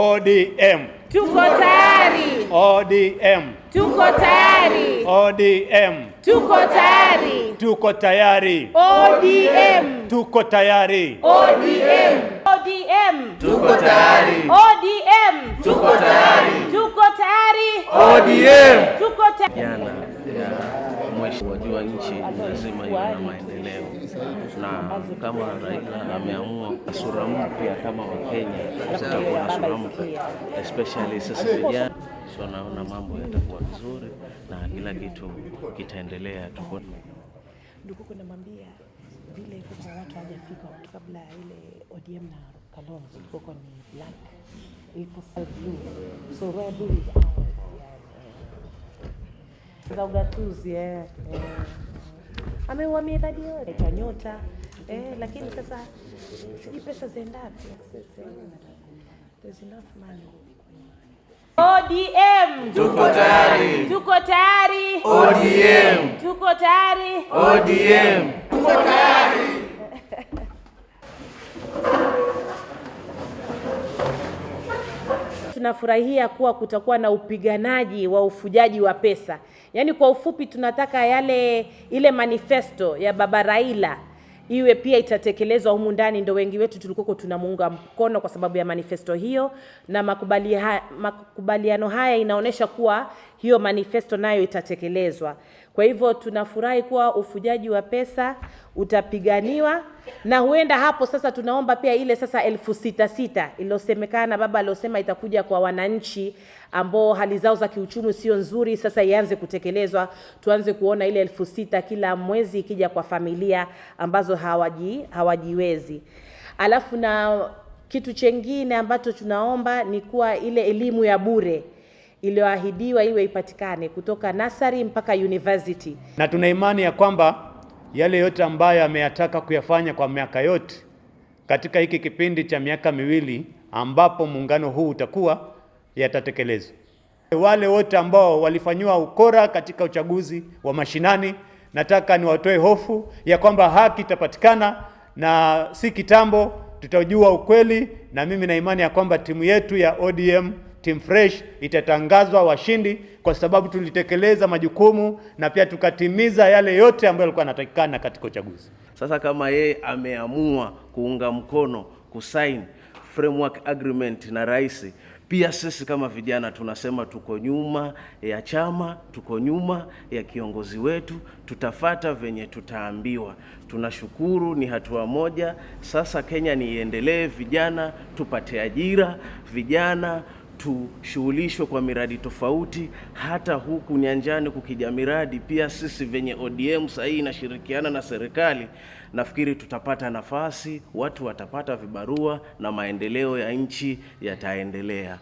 ODM tuko tayari. ODM tuko tayari. ODM tuko tayari. Tuko tayari. ODM tuko tayari. ODM ODM tuko tayari. ODM tuko tayari. Tuko tayari. ODM tuko tayari ya mwisho. Wajua, nchi lazima iwe na maendeleo, na kama Raila ameamua sura mpya kama Wakenya, tutakuwa na sura mpya especially sasa vijana. So naona mambo yatakuwa vizuri na kila kitu kitaendelea. Tuko ndugu, kuna vile kuna watu hawajafika watu kabla ya ile ODM na Kalonzo ilikuwa ni black, ilikuwa so blue, so red is ours za ugatuzi eh, eh. Ameua miradi yote cha nyota eh, lakini sasa siji pesa ziendapi. There's enough money. ODM tuko tayari, tuko tayari. ODM tuko tayari, ODM tuko tayari. tunafurahia kuwa kutakuwa na upiganaji wa ufujaji wa pesa. Yaani kwa ufupi tunataka yale ile manifesto ya Baba Raila iwe pia itatekelezwa humu ndani. Ndio wengi wetu tulikuwa tunamuunga mkono kwa sababu ya manifesto hiyo, na makubaliano haya inaonyesha kuwa hiyo manifesto nayo itatekelezwa. Kwa hivyo tunafurahi kuwa ufujaji wa pesa utapiganiwa, na huenda hapo sasa tunaomba pia ile sasa elfu sita sita iliyosemekana baba aliosema itakuja kwa wananchi ambao hali zao za kiuchumi sio nzuri, sasa ianze kutekelezwa, tuanze kuona ile elfu sita kila mwezi ikija kwa familia ambazo hawaji hawajiwezi. Alafu na kitu chengine ambacho tunaomba ni kuwa ile elimu ya bure iliyoahidiwa iwe ipatikane kutoka nasari mpaka university, na tuna imani ya kwamba yale yote ambayo ameyataka kuyafanya kwa miaka yote katika hiki kipindi cha miaka miwili ambapo muungano huu utakuwa yatatekelezwa. Wale wote ambao walifanyiwa ukora katika uchaguzi wa mashinani, nataka niwatoe hofu ya kwamba haki itapatikana na si kitambo tutajua ukweli, na mimi na imani ya kwamba timu yetu ya ODM Team Fresh itatangazwa washindi kwa sababu tulitekeleza majukumu na pia tukatimiza yale yote ambayo yalikuwa yanatakikana katika uchaguzi. Sasa kama yeye ameamua kuunga mkono kusign framework agreement na rais, pia sisi kama vijana tunasema tuko nyuma ya chama, tuko nyuma ya kiongozi wetu, tutafata venye tutaambiwa. Tunashukuru, ni hatua moja. Sasa Kenya niendelee, vijana tupate ajira, vijana tushughulishwe kwa miradi tofauti, hata huku nyanjani kukija miradi pia sisi venye ODM sasa hii inashirikiana na serikali, nafikiri tutapata nafasi, watu watapata vibarua na maendeleo ya nchi yataendelea.